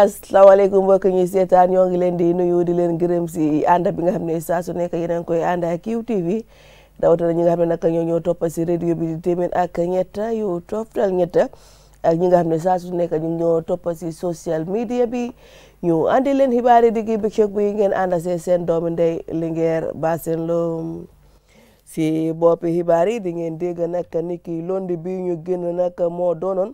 asalaamaaleykum mbokk ñi seetaan ñoo ngi leen di nuyu di leen gërëm si ànd bi nga xam ne saa su nekk yéen a koy ànd ak QTV rawatina ñi nga xam ne nag ñoo ñoo topp si radio bi di téeméer ak ñett yu toftal ñett ak ñi nga xam ne saa su nekk ñu ñoo topp si social media bi ñu andi leen xibaar yi digg bëccëg bi ngeen ànd see seen doomu ndey ba Bassène Lom si boppi xibaar yi di ngeen dégg nag niki londi bi ñu génn nag moo doonoon.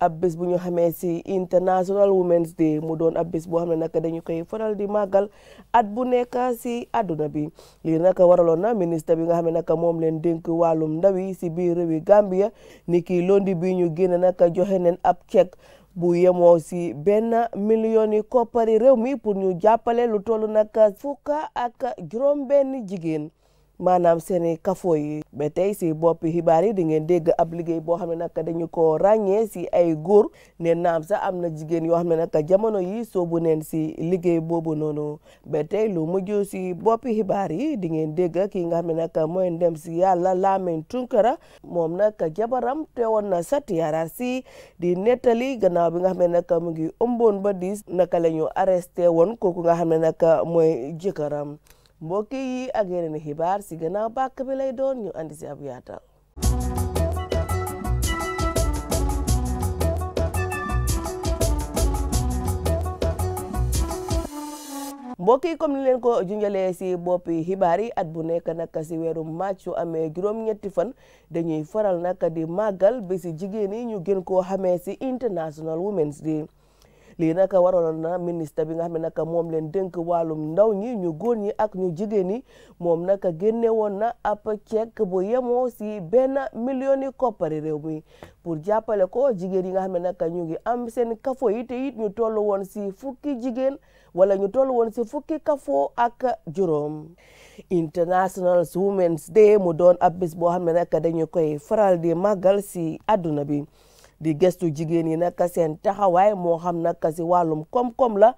ab bés bu ñu xamee si International Women's Day mu doon ab bés boo xam ne nag dañu koy faral di màggal at bu nekk si àdduna bi lii nag waraloon na ministre bi nga xam ne nag moom leen dénk wàllum ndaw yi si biir réewi Gambia ni kii londi bi ñu génn nag joxe neen ab chèque bu yemoo si benn million yi koppari réew mi pour ñu jàppale lu toll nag fukka ak juróom benn jigéen maanaam seen i kafo yi ba tey si boppi xibaar yi di ngeen dégg ab liggéey boo xam ne nag dañu ko ràññee si ay góor ne naam sa am na jigéen yoo xam ne nag jamono yi soobu neen si liggéey boobu noonu ba tey lu mujj si boppi xibaar yi di ngeen dégg ki nga xam ne nag mooy ndem si yàlla laamin Tunkara moom nag jabaram teewoon na sa si di nettali gannaaw bi nga xam ne nag mu ngi ëmboon ba diis naka la ñu arrêté woon kooku nga xam ne nag mooy jëkkëram mbokk yi ak yeneen xibaar si gannaaw bàkk bi lay doon ñu andi si ab yaatal mbokk yi comme ni leen ko junjalee si boppi xibaar yi at bu nekk nag si weeru màcc yu amee juróom-ñetti fan dañuy faral nag di màggal bi si jigéen yi ñu gën koo xamee si International Women's Day lii nag waraloon na ministre bi nga xam ne nag moom leen dénk wàllum ndaw ñi ñu góor ñi ak ñu jigéen ñi moom nag génne woon na ab ceek bu yemoo si benn million yi koppari réew mi pour jàppale ko jigéen yi nga xam ne nag ñu ngi am seen kafo yi te it ñu toll woon si fukki jigéen wala ñu toll woon si fukki kafo ak juróom. International Women's Day mu doon ab bis boo xam ne nag dañu koy faral di màggal si àdduna bi. di gëstu jigéen yi nag seen taxawaay moo xam nag si wàllum koom-koom la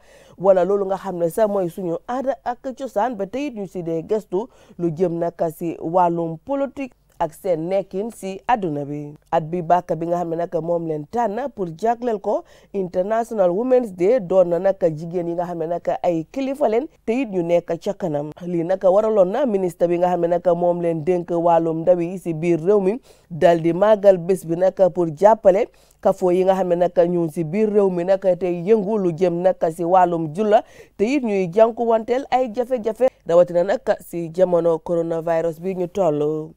wala loolu nga xam ne sax mooy suñu aada ak cosaan ba tey it ñu si dee gëstu lu jëm nag si wàllum politique. ak seen nekkin si àdduna bi at bi bàkk bi nga xam ne nag moom leen tànn pour jagleel ko International Women's Day doon na nag jigéen yi nga xam ne nag ay kilifa leen te it ñu nekk ca kanam lii nag waraloon na ministre bi nga xam ne nag moom leen dénk wàllum ndaw yi si biir réew mi dal di màggal bés bi nag pour jàppale kafo yi nga xam ne nag ñu si biir réew mi nag tey yëngu lu jëm si wàllum julla te it ñuy jànkuwanteel ay jafe-jafe rawatina nag si jamono coronavirus bi ñu toll.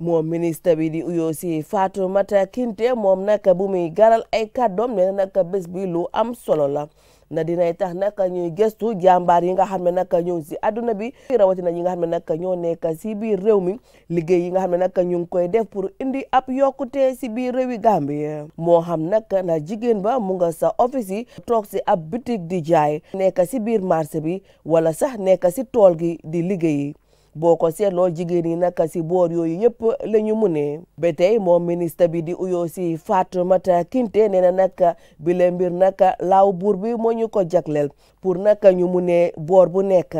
moom ministre bi di uyoo si Fatoumata Kinte moom nag bu muy garal ay kàddoom nee na nag bés bi lu am solo la na dinay tax nag ñuy gëstu jàmbaar yi nga xam ne nag ñoo si àdduna bi rawatina ñi nga xam ne nag ñoo nekk si biir réew mi liggéey yi nga xam ne nag ñu ngi koy def pour indi ab yokkute si biir réewi Gambie moo xam nag na jigéen ba mu nga sa office yi toog si ab bitig di jaay nekk si biir marché bi wala sax nekk si tool gi di liggéey boko seet loo jigéen yi nakka si boor yooyu yépp lañu mune ba tey moom ministre bi di uyoo si fatumata kinte nee na nakka bi la mbir nakka laaw buur bi moo ñu ko jaglel pour nakka ñu mune boor bu nekk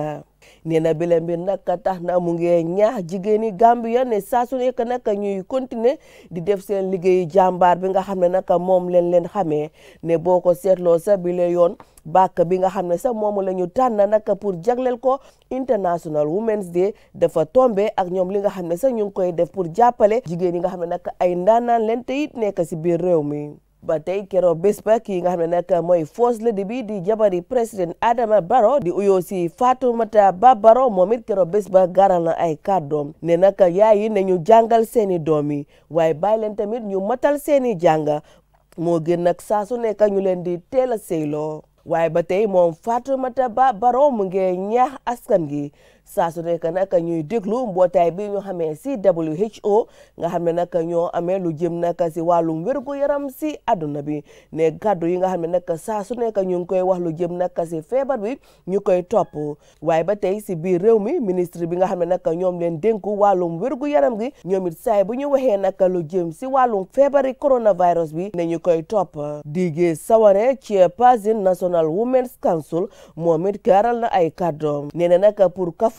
nee na bile mbir nag tax na mu ngi ñaax jigéen ñi Gambia ne saa su nekk nag ñuy continuer di def seen liggéeyu jàmbaar bi nga xam ne nag moom leen leen xamee ne boo ko seetloo sa bile yoon bàkk bi nga xam ne sax moomu la ñu tànn nag pour jagleel ko International Women's Day dafa tombe ak ñoom li nga xam ne sax ñu ngi koy def pour jàppale jigéen yi nga xam ne nag ay ndaanaan leen te it nekk si biir réew mi. ba tey keroog ba ki nga xam ne moy mooy le debi di jabari president Adama baro di uyo si Fatoumata Ba Barrow moom kero keroog ba garal na ay kàddoom ne nak yaayi yi ne ñu jàngal seeni doom yi waaye len tamit ñu matal seni janga, mo gën nag sa su nek ñu len di tela seylo way waaye ba Fatoumata Ba mu ngi ñaax askan gi saa su nekk nag ñuy déglu mbootaay bi ñu xamee si WHO nga xam ne nag ñoo amee lu jëm nag si wàllum wérgu yaram si àdduna bi ne kàddu yi nga xam ne nag saa su nekk ñu ngi koy wax lu jëm nag si feebar bi ñu koy topp waaye ba tey si biir réew mi ministre bi nga xam ne nag ñoom leen dénku wàllum wérgu yaram gi ñoom it saay bu ñu waxee nag lu jëm si wàllum feebari coronavirus bi ne ñu koy topp Diggy Saware chairperson National Women's Council moom it na ay kàddoom nee na nag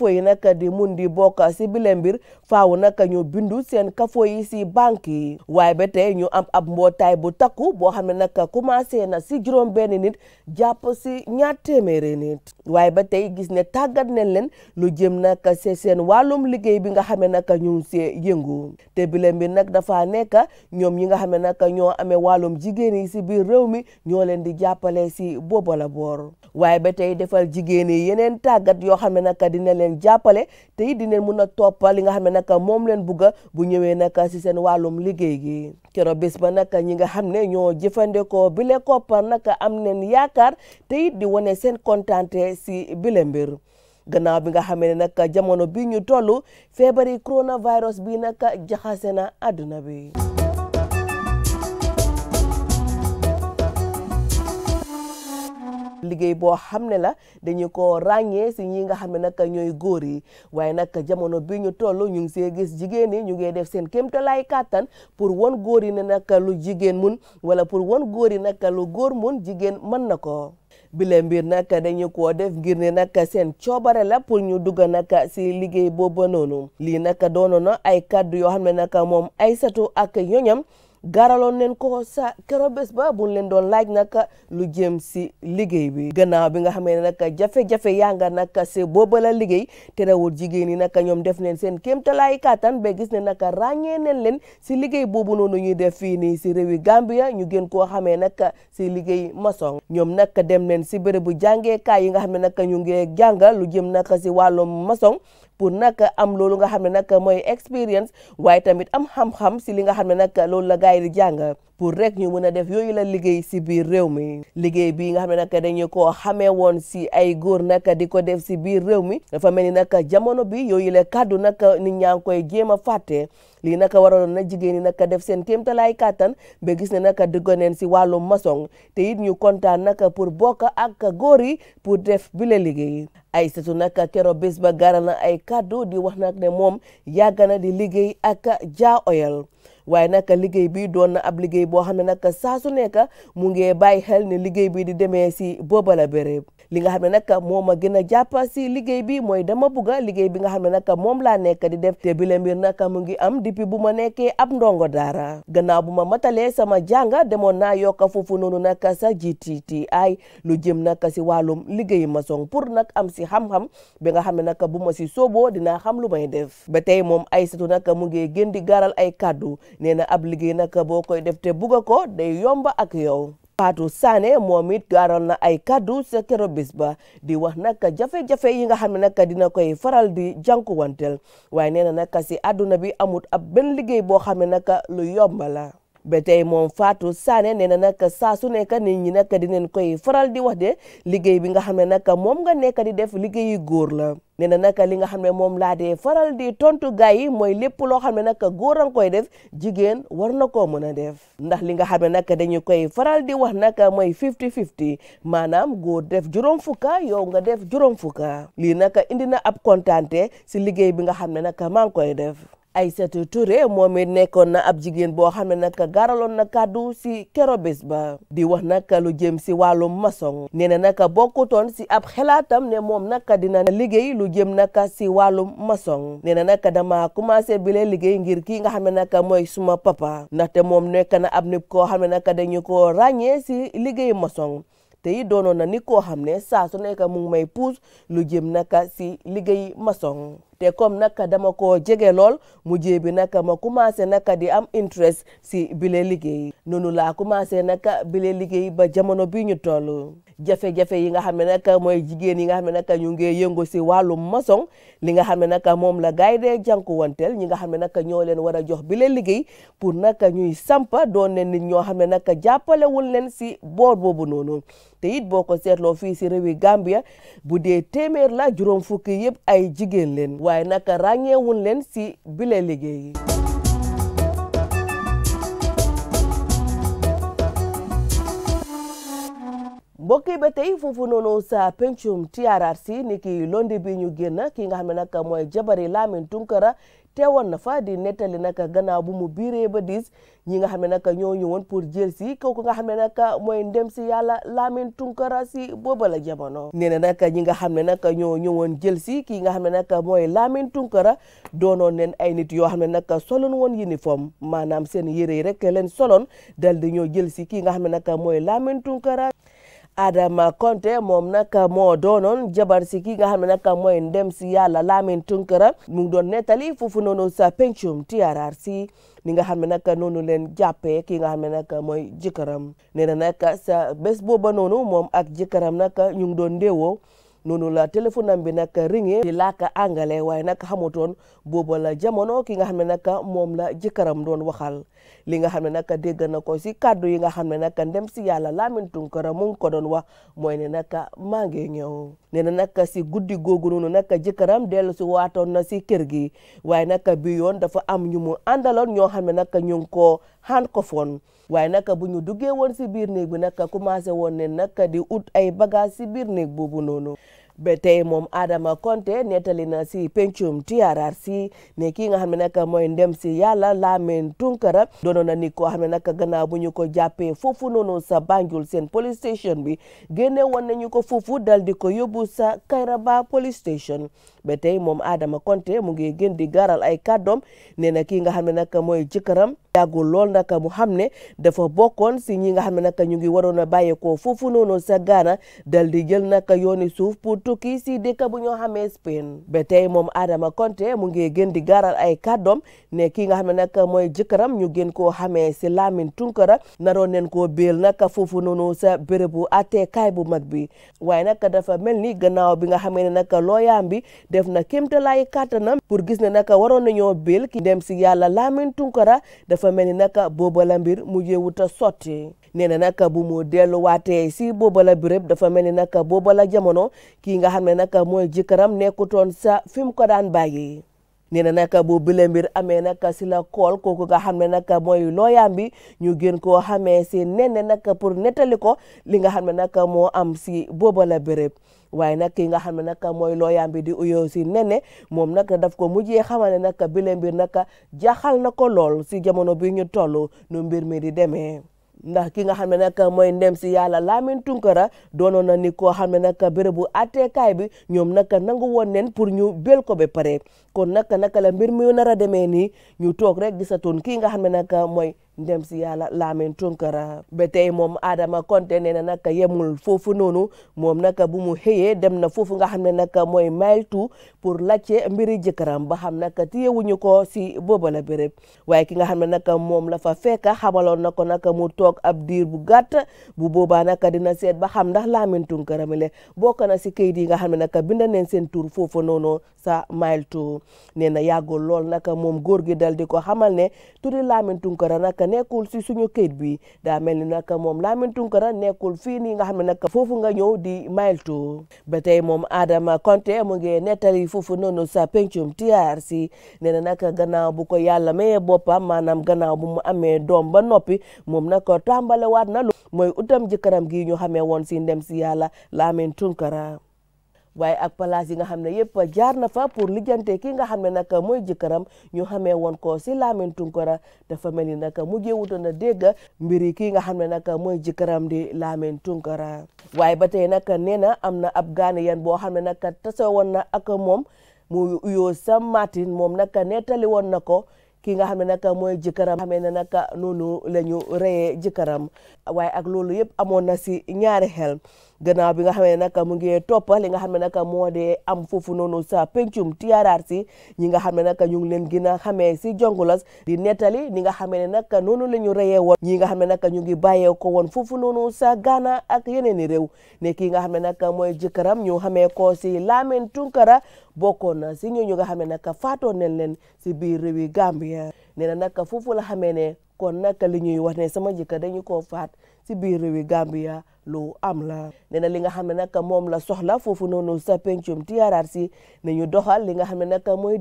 kafo yi nag di mun di bokk si bile mbir faaw nag ñu bindu seen kafo yi si banque yi waaye ba tey ñu am ab mbootaay bu takku boo xam ne nag commencé na si juróom benn nit jàpp si ñaar téeméeri waaye ba tey gis ne tàggat nañ leen lu jëm nag si seen wàllum liggéey bi nga xam nag ñu ngi yëngu te bile mbir nag dafa nekk ñoom ñi nga xam ne nag ñoo amee wàllum jigéen yi si biir réew mi ñoo leen di jàppale si boobu la leen jàppale te it dinañ mun a topp li nga xam ne nag moom leen bugga bu ñëwee nag si seen wàllum liggéey gi keroog bés ba nag ñi nga xam ne ñoo jëfandikoo bile koppar nag am nen yaakaar te it di wane seen kontaante si bile mbir gannaaw bi nga xamee ne nag jamono bi ñu toll feebari coronavirus bi nag jaxase na àdduna bi liggéey boo xam ne la dañu ko ràññee si ñi nga xam ne nag ñooy góor yi waaye nag jamono bi ñu toll ñu ngi see gis jigéen yi ñu ngi def seen kéemtalaay kàttan pour won góor yi ne nag lu jigéen mun wala pour won góor yi nag lu góor mun jigéen mën na ko. bile mbir nag dañu ko def ngir ne nag seen coobare la pour ñu dugg nag si liggéey boobu noonu lii nag doonoon na ay kàddu yoo xam ne nag moom ay Aysatu ak ñoñam garaloon leen ko sa kero bés ba bu leen doon laaj nag lu jëm si liggéey bi gannaaw bi nga xamee ne nag jafe-jafe yaa nga nag si booba la liggéey terewul jigéen ñi nag ñoom def neen seen kéemtalaay kàttan ba gis ne nag ràññee neen leen si liggéey boobu noonu ñuy def fii nii si réewi Gambia ñu gën koo xamee nag si liggéey maçon ñoom nag dem neen si bérébu jàngeekaay yi nga xam ne nag ñu ngi jàngal lu jëm nag si wàllum maçon pour nag am loolu nga xam ne nag mooy expérience waaye tamit am xam-xam si li nga xam ne nag loolu la gars yi di jàng pour rek ñu mën a def yooyu la liggéey si biir réew mi liggéey bii nga xam ne nag dañu ko xamee woon si ay góor nag di ko def si biir réew mi dafa mel ni nag jamono bii yooyu la kàddu nag ni ñaa ngi koy jéem a fàtte lii nag waraloon na jigéen ñi nag def seen kéemtalaay kàttan ba gis ne nag duggoon neen si wàllum maçon te it ñu kontaan nag pour bokk ak góor yi pour def bile liggéey. Aysatu nag kero bés ba garal na ay kàddu di wax nag ne moom yàgg na di liggéey ak Jaa waaye nag liggéey bi doon na ab liggéey boo xam ne nag saa su nekk mu ngi bàyyi xel ne liggéey bi di demee si boobala béréb li nga xam ne nag moo ma gën a jàpp si liggéey bi mooy dama bugga liggéey bi nga xam ne nag moom laa nekk di def te bi la mbir nag mu ngi am depuis bu ma nekkee ab ndongo daara gannaaw bu ma matalee sama jàng demoon naa yokk foofu noonu nag sa ay lu jëm nag si wàllum liggéey maçon pour nag am si xam-xam bi nga xam ne nag bu ma si sooboo dinaa xam lu may def ba tey moom Aysatu nag mu ngi gën di garal ay kàddu nee na ab liggéey nag boo koy def te ko day yomba ak yow. Fatou Sané moom it gaaroon na ay kaddu sa kero bis ba di wax nag jafe-jafe yi nga xam ne nag dina koy faral di jànkuwanteel waaye nee na nag si àdduna bi amut ab benn liggéey boo xam nag lu yomb ba tey moom faatu saane nee na nag saa su nekk nit ñi nag dinañ koy faral di wax de liggéey bi nga xam ne nag moom nga nekk di def liggéeyu góor la. nee na nag li nga xam ne moom laa dee faral di tontu gars yi mooy lépp loo xam ne nag góor koy def jigéen war na koo mën a def ndax li nga xam ne nag dañu koy faral di wax nag mooy fifty fifty maanaam góor def juróom fukka yow nga def juróom fukka lii nag indi na ab kontaante si liggéey bi nga xam ne nag maa ngi koy def. Aïssatou Touré moom it nekkoon na ab jigéen boo xam ne nag garaloon na kàddu si kero bés ba di wax nag lu jëm si wàllum maçon nee na nag bokkutoon si ab xelaatam ne moom nag dina liggéey lu jëm nag si wàllum maçon nee na nag dama commencé bile liggéey ngir kii nga xam ne nag mooy suma papa ndaxte moom nekk na ab nit koo xam ne nag dañu ko ràññee si liggéey maçon te it doonoon na ni koo xam ne saa su nekk mu may puus lu jëm naka si liggéey maçon te comme naka dama ko jege lool mujjee bi naka ma commencé naka di am interest si bile liggéey noonu laa commencé naka bile liggéey ba jamono bi ñu toll jafe-jafe yi nga xam ne nag mooy jigéen yi nga xam ne nag ñu ngi yëngu si wàllu maçon li nga xam ne nag moom la gaay dee jànkuwanteel ñi nga xam ne nag ñoo leen war a jox bi leen liggéey pour nag ñuy sampa doon ne nit ñoo xam ne nag jàppalewul leen si boor boobu noonu te it boo ko seetloo fii si réewi Gambia bu dee téeméer la juróom fukki yëpp ay jigéen leen waaye nag ràññeewul leen si bile liggéey mbokk yi ba tey foofu noonu sa pencum TRRC ni ki londi bi ñu génn ki nga xam ne nag mooy jabari Lamin Tunkara teewoon na fa di nettali nag gannaaw bu mu biiree ba diis ñi nga xam ne nag ñoo pour jël si kooku nga xam ne nag mooy ndem si yàlla Lamin Tunkara si booba la jamono. nee na nag ñi nga xam ne nag ñoo ñëwoon jël si kii nga xam ne nag mooy Lamin Tunkara doonoon leen ay nit yoo xam ne nag soloon woon uniforme maanaam seen yére yi rek leen soloon dal di ñoo jël si kii nga xam ne nag mooy Lamin Tunkara. Adama Konte moom nag moo doonoon jabar si ki nga xam ne nag mooy ndem si yàlla Lamin Tunkara mu ngi doon nettali foofu noonu sa pencum TRRC ni nga xam ne nag noonu leen jàppee ki nga xam ne nag mooy jëkkëram nee na nag sa bés booba noonu moom ak jëkkëram nag ñu ngi doon ndeewoo noonu la téléphone am bi nag ringee di laaka angale waaye nag xamutoon booba jamono ki nga xam ne nag moom la jëkkëram doon waxal li nga xam ne nag dégg na ko si kàddu yi nga xam ne nag ndem si yàlla Lamin Tunkara mu ngi ko doon wax mooy ne nag maa ngi ñëw nee na nag si guddi googu noonu nag jëkkëram dellu si waatoon na si kër gi waaye nag bi yoon dafa am ñu mu àndaloon ñoo xam ne nag ñu ngi koo francophone waaye naka bu ñu duggee woon si biir néeg bu naka commencé woon ne naka di ut ay bagage si biir néeg boobu noonu ba tey moom Adama Konte nettali na si pencum TRRC ne kii nga xam ne naka mooy ndem si yàlla Lamin Tunkara doonoon na ni koo xam ne naka gannaaw bu ñu ko jàppee foofu noonu sa Banjul seen police station bi génne woon nañu ko foofu dal di ko yóbbu sa Kairaba police station ba tey moom Adama Konte mu ngi gën di garal ay kàddoom nee na kii nga xam ne naka mooy jëkkëram yàggul lool nag mu xam ne dafa bokkoon si ñi nga xam ne nag ñu ngi waroon a bàyyeekoo foofu noonu sa Ghana dal di jël nag yooni suuf pour tukki si dëkk bu ñoo xamee Spain ba tey moom Adama Konte mu ngi gën di gaaral ay kàddoom ne ki nga xam ne nag mooy jëkkëram ñu gën koo xamee si Lamin Tunkara naroon neen koo béel nag foofu noonu sa bérébu àttekaay bu mag bi waaye nag dafa mel ni gannaaw bi nga xamee ne nag looyaam bi def na kéemtalaay kàttanam pour gis ne nag waroon nañoo béel ki dem si yàlla Lamin Tunkara dafa mel ni nag booba la mbir mujjeewut wuta sotti nee na nag bu mu delluwaatee si booba la béréb dafa mel ni nag booba la jamono kii nga xam ne nag mooy jëkkëram nekkutoon sa fi mu ko daan bàyyi nee na nag bu bile mbir amee nag si la kool kooku nga xam ne nag mooy looyaam bi ñu gën koo xamee si nen ne nag pour nettali ko li nga xam ne nag moo am si booba béréb waaye nag ki nga xam ne nag mooy looyaam bi di uyoo si nene moom nag daf ko mujjee xamal ne nag bile mbir nag jaaxal na ko lool si jamono bi ñu toll nu mbir mi di demee. ndax ki nga xam ne nag mooy ndem si yàlla Lamin Tunkara doonoon na ni koo xam ne nag bérébu àtteekaay bi ñoom nag nangu woon neen pour ñu bel ko ba pare kon nag naka la mbir mi nar a demee nii ñu toog rek gisatoon kii nga xam ne nag mooy ndem si yàlla Lamin Tunkara ba tey moom Adama Konte nee na ye yemul foofu noonu moom nag bu mu xëyee dem na foofu nga xam ne nag mooy maytu pour laajte mbiri jëkkëram ba xam nag téyewuñu ko si booba la béréb waaye ki nga xam ne nag moom la fa fekk xamaloon na ko nag mu toog ab diir bu gàtt bu boobaa nag dina seet ba xam ndax Lamin Tunkara mi le bokk na si kayit yi nga xam ne nag bind nañ seen tur noonu sa maytu ne turi Lamin Tunkara nag nekkul si suñu këyit bi daa mel ni nag moom Lamine Tunkara nekkul fii nii nga xam ne nag foofu nga ñëw di mayeltu ba tey moom Adama Konté mu ngi nettali foofu noonu sa pencum TRC nee na nag gannaaw bu ko yàlla mayee boppam maanaam gannaaw bu mu amee doom ba noppi moom nag tàmbalewaat na lu mooy utam jëkkëram gi ñu xamee woon si ndem si yàlla Lamine Tunkara waaye ak palaas yi nga xam ne yëpp jaar na fa pour lijjante ki nga xam ne nag mooy jëkkëram ñu xamee woon ko si laamin Tunkara dafa mel ni nag mu wutoon na dégg mbiri ki nga xam ne nag mooy jëkkëram di laamin Tunkara waaye ba tey nag nee na am na ab Ghanéen boo xam ne nag tase woon na ak moom mu uyoo sa matin moom nag neetali woon na ko ki nga xam ne nag mooy jëkkëram xamee ne nag noonu la ñu reyee jëkkëram waaye ak loolu yëpp amoon na si ñaari xel gannaaw bi nga xam ne nag mu ngi topp li nga xam ne nag moo dee am foofu noonu sa pencum TRRC ñi nga xam ne nag ñu ngi leen gën a xamee si Jongulas di nettali ni nga xam ne nag noonu la ñu reyee woon ñi nga xam ne nag ñu ngi bàyyee ko woon foofu noonu sa Ghana ak yeneen i réew ne kii nga xam ne nag mooy jëkkëram ñu xamee ko si Lamin Tunkara bokkoon na si ñooñu nga xam ne nag faatoon nañ leen si biir réewi Gambia nee na nag foofu la xamee ne kon nak li ñuy wax ne sama jëkkër dañu ko faat ci biir réewi Gambia lu am la nee na li nga xam ne nag moom la soxla foofu noonu sa pencum TRRC ne ñu doxal li nga xam ne nag mooy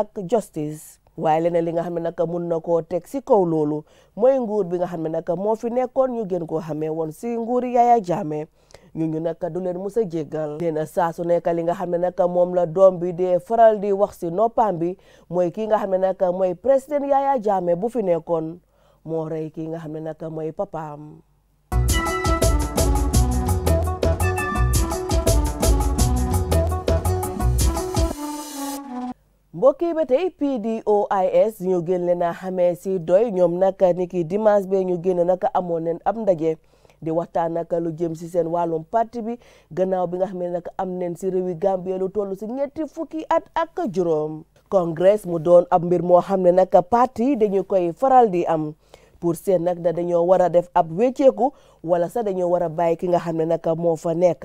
ak justice waaye leneen li nga xam ne nag mun na koo teg si kaw loolu mooy nguur bi nga xam ne nag moo fi nekkoon ñu gën koo xamee woon si nguur yaaya Jammeh ñu ñu nag du leen mus a jéggal nee na saa su nekk li nga xam ne nag moom la doom bi dee faral di wax si noppam bi mooy ki nga xam ne nag mooy président yaaya Jammeh bu fi nekkoon moo ki nga xam ne nag mooy papaam. mbokk yi ba tey PDOIS ñu génn leen si doy ñoom nag ni ki dimanche bee ñu génn nag amoon nañ ab ndaje di waxtaan nag lu jëm si seen wàllum parti bi gannaaw bi nga xam nag am nen si réewi Gambie lu toll si ñetti fukki at ak juróom. congrès mu doon ab mbir moo xam ne nag parti dañu koy faral di am pour seen nag da dañoo war a def ab wécceeku wala sax dañoo war a bàyyi ki nga xam ne nag moo fa nekk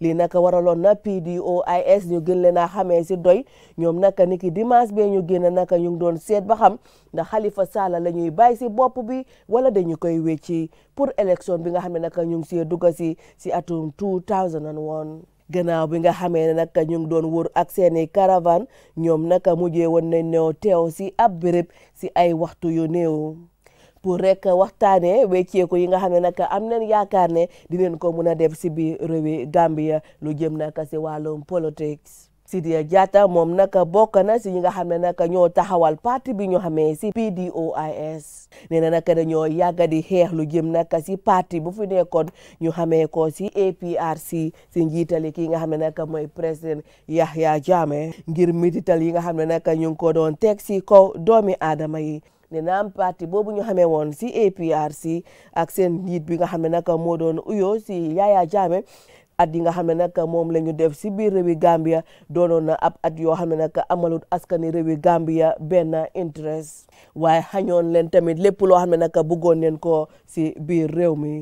lii nag waraloon na PDOIS ñu gën leen a xamee si doy ñoom nag ni ki dimanche bee ñu génn nag ñu ngi doon seet ba xam ndax Halifa Sallah la ñuy bàyyi si bopp bi wala dañu koy wécci pour élection bi nga xam ne nag ñu ngi see dugg si si atum 2001. gannaaw bi nga xamee ne nag ñu ngi doon wër ak seeni caravane ñoom nag mujjee woon nañ ñoo teew si ab béréb si ay waxtu yu néew. pour rek waxtaanee wecceeku yi nga xam ne nag am nañ yaakaar ne dinañ ko mun a def si biir réewi Gambia lu jëm nag si wàllum politique. Sidia Jatta moom naka bokk na si ñi nga xam ne naka ñoo taxawal parti bi ñu xamee si PDOIS nee na naka dañoo yàgg di xeex lu jëm naka si parti bu fi nekkoon ñu xamee ko si APRC si njiitali ki nga xam ne naka mooy président Yahya Jammeh ngir mitital yi nga xam ne naka ñu ngi ko doon teg si kaw doomi aadama yi. ne naam parti boobu ñu xamee woon si APRC ak seen njiit bi nga xam ne naka moo doon uyo si Yaya Jammeh at yi nga xam ne nag moom la ñu def si biir réewi Gambia doonoon na ab at yoo xam ne nag amalut askani réewi Gambia benn interest waaye xañoon leen tamit lépp loo xam ne nag bëggoon leen ko si biir réew mi.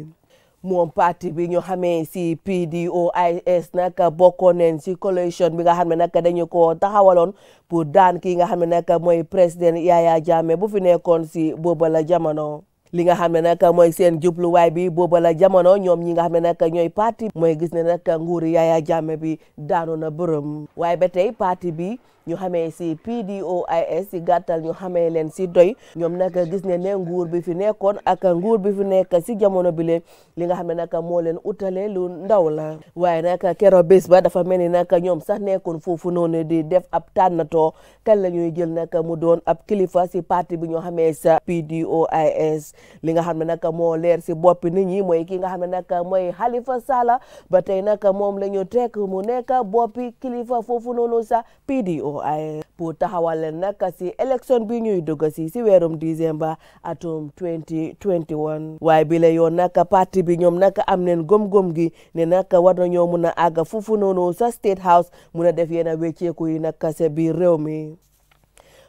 moom parti bi ñu xamee si PDOIS nag bokkoon nen si coalition bi nga xam ne nag dañu ko taxawaloon pour daan ki nga xam ne nag mooy président Yaya Jammeh bu fi nekkoon si booba la jamono. li nga xam ne nag mooy seen jubluwaay bi boobala la jamono ñoom ñi nga xam ne nag ñooy parti mooy gis ne nag nguuri Yaya Jammeh bi daanu na bërëm waaye ba tey parti bi ñu xamee si PDOIS si gàttal ñu xamee leen si doy ñoom nag gis ne ne nguur bi fi nekkoon ak nguur bi fi nekk si jamono bi leen li nga xam ne nag moo leen utale lu ndaw la waaye nag kero bés ba dafa mel ni nag ñoom sax nekkoon foofu noonu di def ab tànnatoo kan la ñuy jël nag mu doon ab kilifa si parti bi ñu xamee sa PDOIS li nga xam ne nag moo leer si boppi nit ñi mooy ki nga xam ne nag mooy Halifa sala ba tey nag moom la ñu teg mu nekk boppi kilifa foofu noonu sa PDOI pour taxawal leen nag si élection bi ñuy dugg si si weerum décembre atum 2021 waaye bi la yoon nag parti bi ñoom nag am neen gom-gom gi ne nag war nañoo mun a àgg foofu noonu sa State House mun a def yenn wécceeku yi nag sa biir réew mi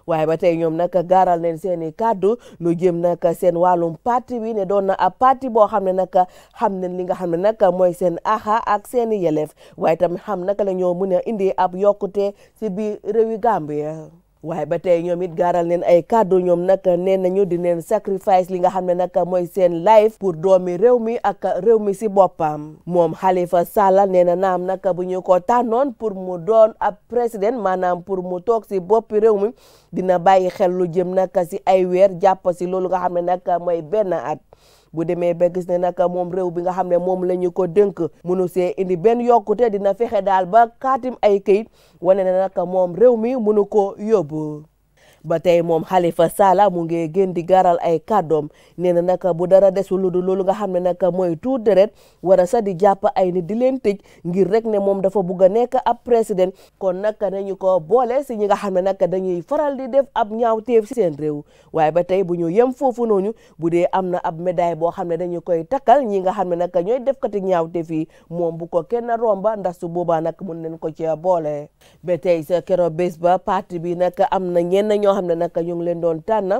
waaye ba tey ñoom nag gaaral leen seen i kàddu lu jëm nag seen wàllum parti bi ne doon na ab parti boo xam ne nag xam ne li nga xam ne nag mooy seen axa ak seen i yelef waaye tam xam naka la ñoo mën a indi ab yokkute si biir réewi Gambia waaye ba tey ñoom it gaaral neen ay kàddu ñoom nag nee nañu di neen sacrifice li nga xam ne nag mooy seen life pour doomi réew mi ak réew mi si boppam moom Halifa Sallah nee na naam nag bu ñu ko tànnoon pour mu doon ab président maanaam pour mu toog si boppi réew mi dina bàyyi xel lu jëm nag si ay weer jàpp si loolu nga xam ne nag mooy benn at bu demee ba gis ne nag moom réew bi nga xam ne moom la ñu ko dënk munu see indi benn yokkute dina fexe daal ba kaatim ay këyit wane ne nag moom réew mi munu ko yóbbu ba tey moom Halifa Sallah mu ngi gën di garal ay kàddoom nee na nag bu dara desul lu dul loolu nga xam ne nag mooy tuur deret war a sa di jàpp ay ni di leen ngir rek ne moom dafa bugg a nekk ab président kon nag nañu ko boole si ñi nga xam ne nag dañuy faral di def ab ñaawteef si seen réew waaye ba tey bu ñu yem foofu noonu bu dee am na ab médaille boo xam ne dañu koy takkal ñi nga xam ne nag ñooy def kati ñaawteef yi moom bu ko kenn romba ndax su boobaa nag mun nañ ko ci boole tey sa bés ba parti bi nag am na ñenn ñoo xam ne naka ñu ngi leen doon tànn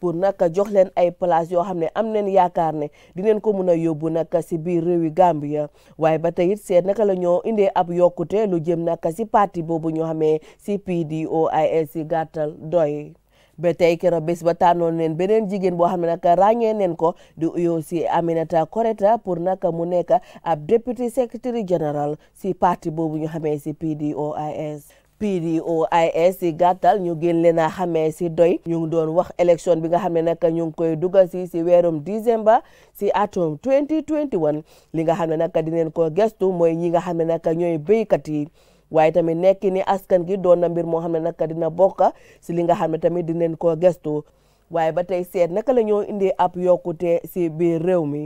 pour naka jox leen ay place yoo xam ne am nañ yaakaar ne dinañ ko mun a yóbbu naka si biir réewi Gambia waaye ba tey it seet la ñoo indee ab yokkute lu jëm naka si parti boobu ñoo xamee si PDOIS si gàttal doy. ba tey keroog bés ba tànnoon leen beneen jigéen boo xam ne nag ràññee neen ko di yo si Aminata Koreta pour naka mu nekk ab député secrétaire général si parti boobu ñu xamee si PDOIS. PDOIS si gàttal ñu gën leen xamee si doy ñu ngi doon wax élection bi nga xam ne nag ñu ngi koy dugal si si weerum décembre si atum 2021 li nga xam ne nag dineen ko gestu mooy ñi nga xam ne nag ñooy béykat yi waaye tamit nekki ni askan gi doon na mbir moo xam ne nag dina bokk si li nga xam ne tamit dineen ko gestu waaye ba tey seet naka la ñoo indee ab yokkute si biir réew mi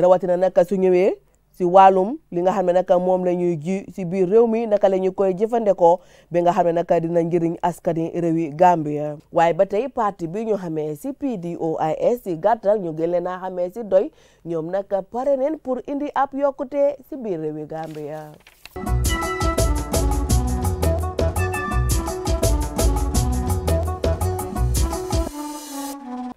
rawatina nag su ñëwee si wàllum li nga xam ne naka moom la ñuy ji si biir réew mi naka la ñu koy jëfandikoo bi nga xam ne naka dina njëriñ askani réewi Gambia waaye ba tey parti bi ñu xamee si PDOIS si gàttal ñu gën leen a xamee si doy ñoom naka pare neen pour indi ab yokkute si biir réewi Gambia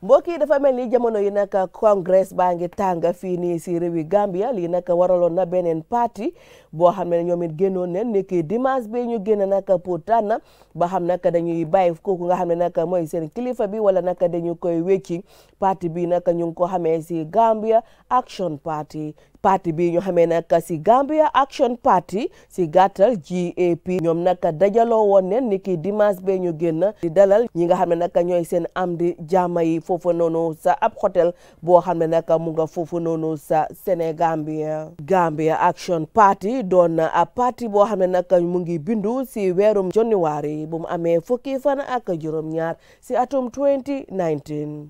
mbokk yi dafa mel ni jamono yi nag congrès baa ngi tàng fii nii si réewi Gambia lii nag waraloon na beneen parti boo xam ne ñoom it génnoon nañ ni ki dimanche bi ñu génn nag pour tànn ba xam nag dañuy bàyyi kooku nga xam ne nag mooy seen kilifa bi wala nag dañu koy wécci parti bi nag ñu ngi ko xamee si Gambia Action Party parti bi ñu xamee nag si Gambia Action Party si gàttal GAP ñoom nag dajaloo woon ne ni ki dimanche bee ñu génn di dalal ñi nga xam ne nag ñooy seen am di jaama yi foofu noonu sa ab hôtel boo xam ne nag mu nga foofu noonu sa Sénégambia Gambia Action Party doon na ab parti boo xam ne nag mu ngi bindu si weerum janvier bu mu amee fukki fan ak juróom-ñaar si atum 2019.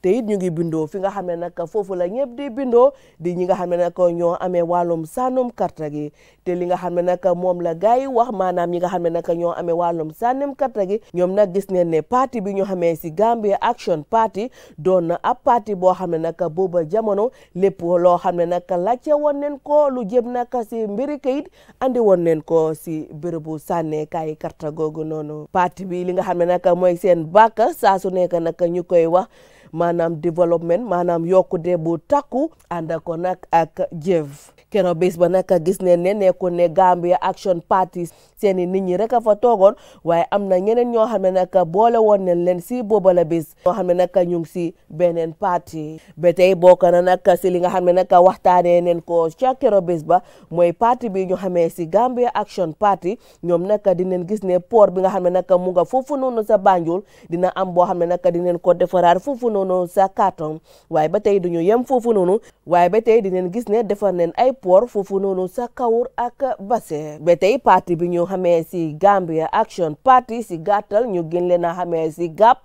te it ñu ngi bindoo fi nga xam ne nag foofu la ñëpp di bindoo di ñi nga xam ne nag ñoo amee wàllum sànnum karta gi te li nga xam ne nag moom la gars yi wax maanaam ñi nga xam ne nag ñoo amee wàllum sànnum karta gi ñoom nag gis ngeen ne parti bi ñu xamee si Gambia Action Party doon na ab parti boo xam ne nag booba jamono lépp loo xam ne nag laajte woon neen ko lu jëm nag si mbiri kayit andi woon neen ko si bérébu sànnee kaay karta googu noonu parti bi li nga xam ne nag mooy seen bàkk saa su nekk nag ñu koy wax maanaam développement maanaam yokkute bu takku ànd ko nag ak jëf keroog bés ba nag gis ne ne nekkoon ne Gambia Action Party seeni nit ñi rek a fa toogoon waaye am na ñeneen ñoo xam ne nag boole woon nañ leen si booba bis bés ñoo xam ne nag ñu ngi si beneen parti ba tey bokk na si li nga xam ne nag waxtaanee neen ko ca keroog bés ba mooy parti bi ñu xamee si Gambia Action Party ñoom nag dinañ gis ne port bi nga xam ne nag mu foofu noonu sa Banjul dina am boo xam ne nag dinañ ko defaraat foofu noonu sa carton waaye ba tey duñu yem foofu noonu waaye ba tey dinañ gis ne defar neen ay por foofu noonu sa kawur ak base ba tey parti bi ñu xamee si Gambia Action Party si gàttal ñu gën na a si GAP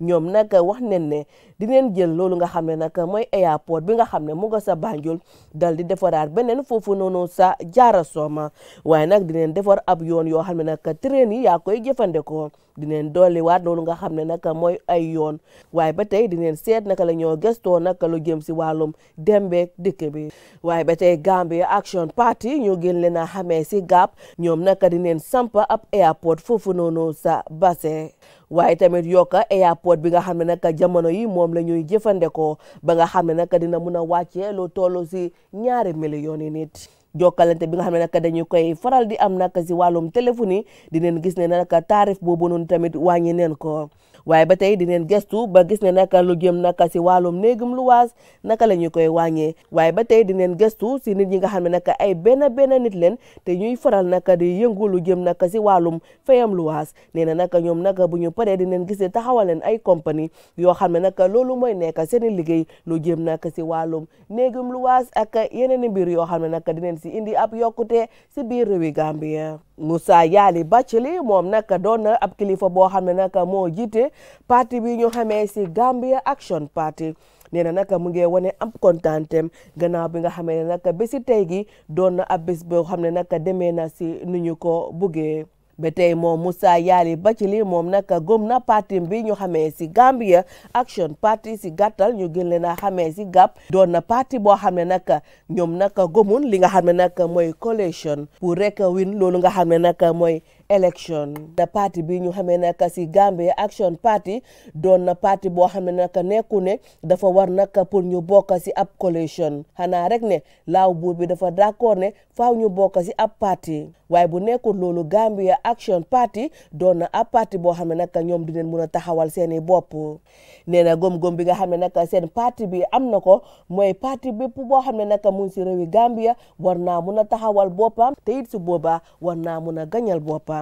ñoom nag wax nen ne dineen jël loolu nga xam ne nag mooy airport bi nga xam ne mu nga sa Banjul dal di defaraat beneen foofu noonu sa jaara sooma waaye nag dineen defor ab yoon yoo xam ne nag train yi yaa koy jëfandikoo dineen dolliwaat loolu nga xam ne nag mooy ay yoon waaye ba tey dineen seet naka la ñoo gëstoo nag lu jëm si wàllum dembeek dikk bi waaye ba tey Gambia Action Party ñu gën leen a xamee si GAP ñoom nag dineen sampa ab airport foofu noonu sa base waaye tamit yokka airport bi nga xam ne nag jamono yi moom la ñuy jëfandikoo ba nga xam ne nag dina mun a wàccee lu toll si ñaari millions yi nit. jokkalante bi nga xam ne nag dañu koy faral di am nag si wàllum téléphone yi dinañ gis ne nag taarif boobu noonu tamit wàññi neen ko. waaye ba tey dineen gestu ba gis ne naka lu jëm naka si wàllum néegum luwaas naka la ñu koy wàññee waaye ba tey dineen gestu si nit ñi nga xam ne naka ay benn benn nit leen te ñuy faral naka di yëngu lu jëm naka si wàllum fayam luwaas nee na naka ñoom naka bu ñu paree dineen gis ne taxawal leen ay compagnie yoo xam ne naka loolu mooy nekk seen i liggéey lu jëm naka si wàllum néegum luwaas ak yeneen i mbir yoo xam ne naka dineen si indi ab yokkute si biir réewi Gambia Moussa Yali Bathily moom nag doon na ab kilifa boo xam ne nag moo jiite parti bi ñu xamee si Gambia Action Party nee na nag mu wane am kontaanteem gannaaw bi nga xamee ne nag bési tey gi doon na ab bés boo xam ne nag demee na si nu ñu ko buggee. ba tey moom Moussa Yali Bathily moom nag gëm na parti bi ñu xamee si Gambia Action Party si gàttal ñu gën leen a xamee si GAP doon na parti boo xam ne nag ñoom nag gëmun li nga xam ne nag mooy coalition pour rek win loolu nga xam ne nag mooy election na parti bi ñu xamee nag si Gambia Action Party doon na parti boo xam ne nag nekku ne dafa war nag pour ñu bokk si ab coalition xanaa rek ne laaw buur bi dafa d'accord ne faaw ñu bokk si ab parti waaye bu nekkul loolu Gambia Action Party doon na ab parti boo xam ne nag ñoom dinañ mun a taxawal seeni bopp nee na gom-gom bi nga xam ne nag seen parti bi am na ko mooy parti bépp boo xam ne nag mu si réewi Gambia war naa mun a taxawal boppam te it boobaa war naa mun a gañal boppam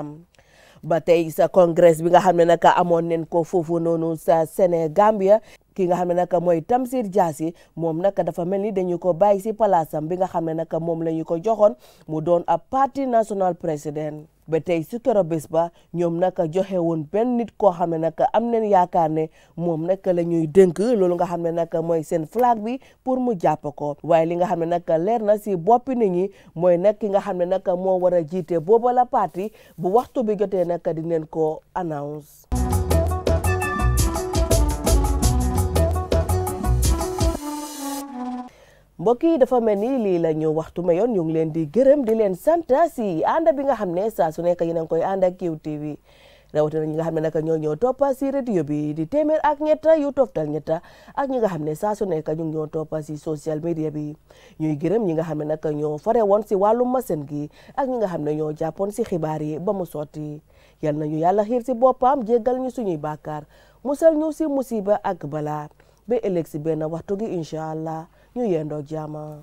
ba tey sa congrès bi nga xam ne nag amoon nañ ko foofu noonu sa Sénégambia ki nga xam nak moy Tamsir Jasi, mom nak dafa melni dañu ko ci si am bi nga xam nak mom lañu ko joxone mu doon a parti national président ba tey si keroog bés ba ñoom nag joxe woon benn nit koo xam ne am nañ yaakaar ne moom nag la ñuy dënk loolu nga xam ne nag mooy seen flag bi pour mu jàpp ko waaye li nga xam ne nag leer na si boppi nit ñi mooy nag ki nga xam ne nag moo war a jiite la parti bu waxtu bi jotee nag di ko announce. mbokk dafa melni waktu meyon la ñu waxtu mayon ñu ngi leen di gërëm di leen sant si anda bi nga xamne sa su nekk yi nang koy ànd ak tv rawatina ñi nga xamne nak ñoo ñoo topa si radio bi di témer ak ñetta yu toftal ñetta ak ñi nga xamne sa su nekk ñu ñoo topa si social media bi ñuy gërëm ñi nga xamne nak ñoo fare won si walu masen gi ak ñi nga xamne ñoo japon si xibaar yi ba mu soti yalla ñu yalla xir si bopam jéggal ñu suñuy bakkar musal ñu si musiba ak bala be elexi ben waxtu gi inshallah 你有耳朵吗？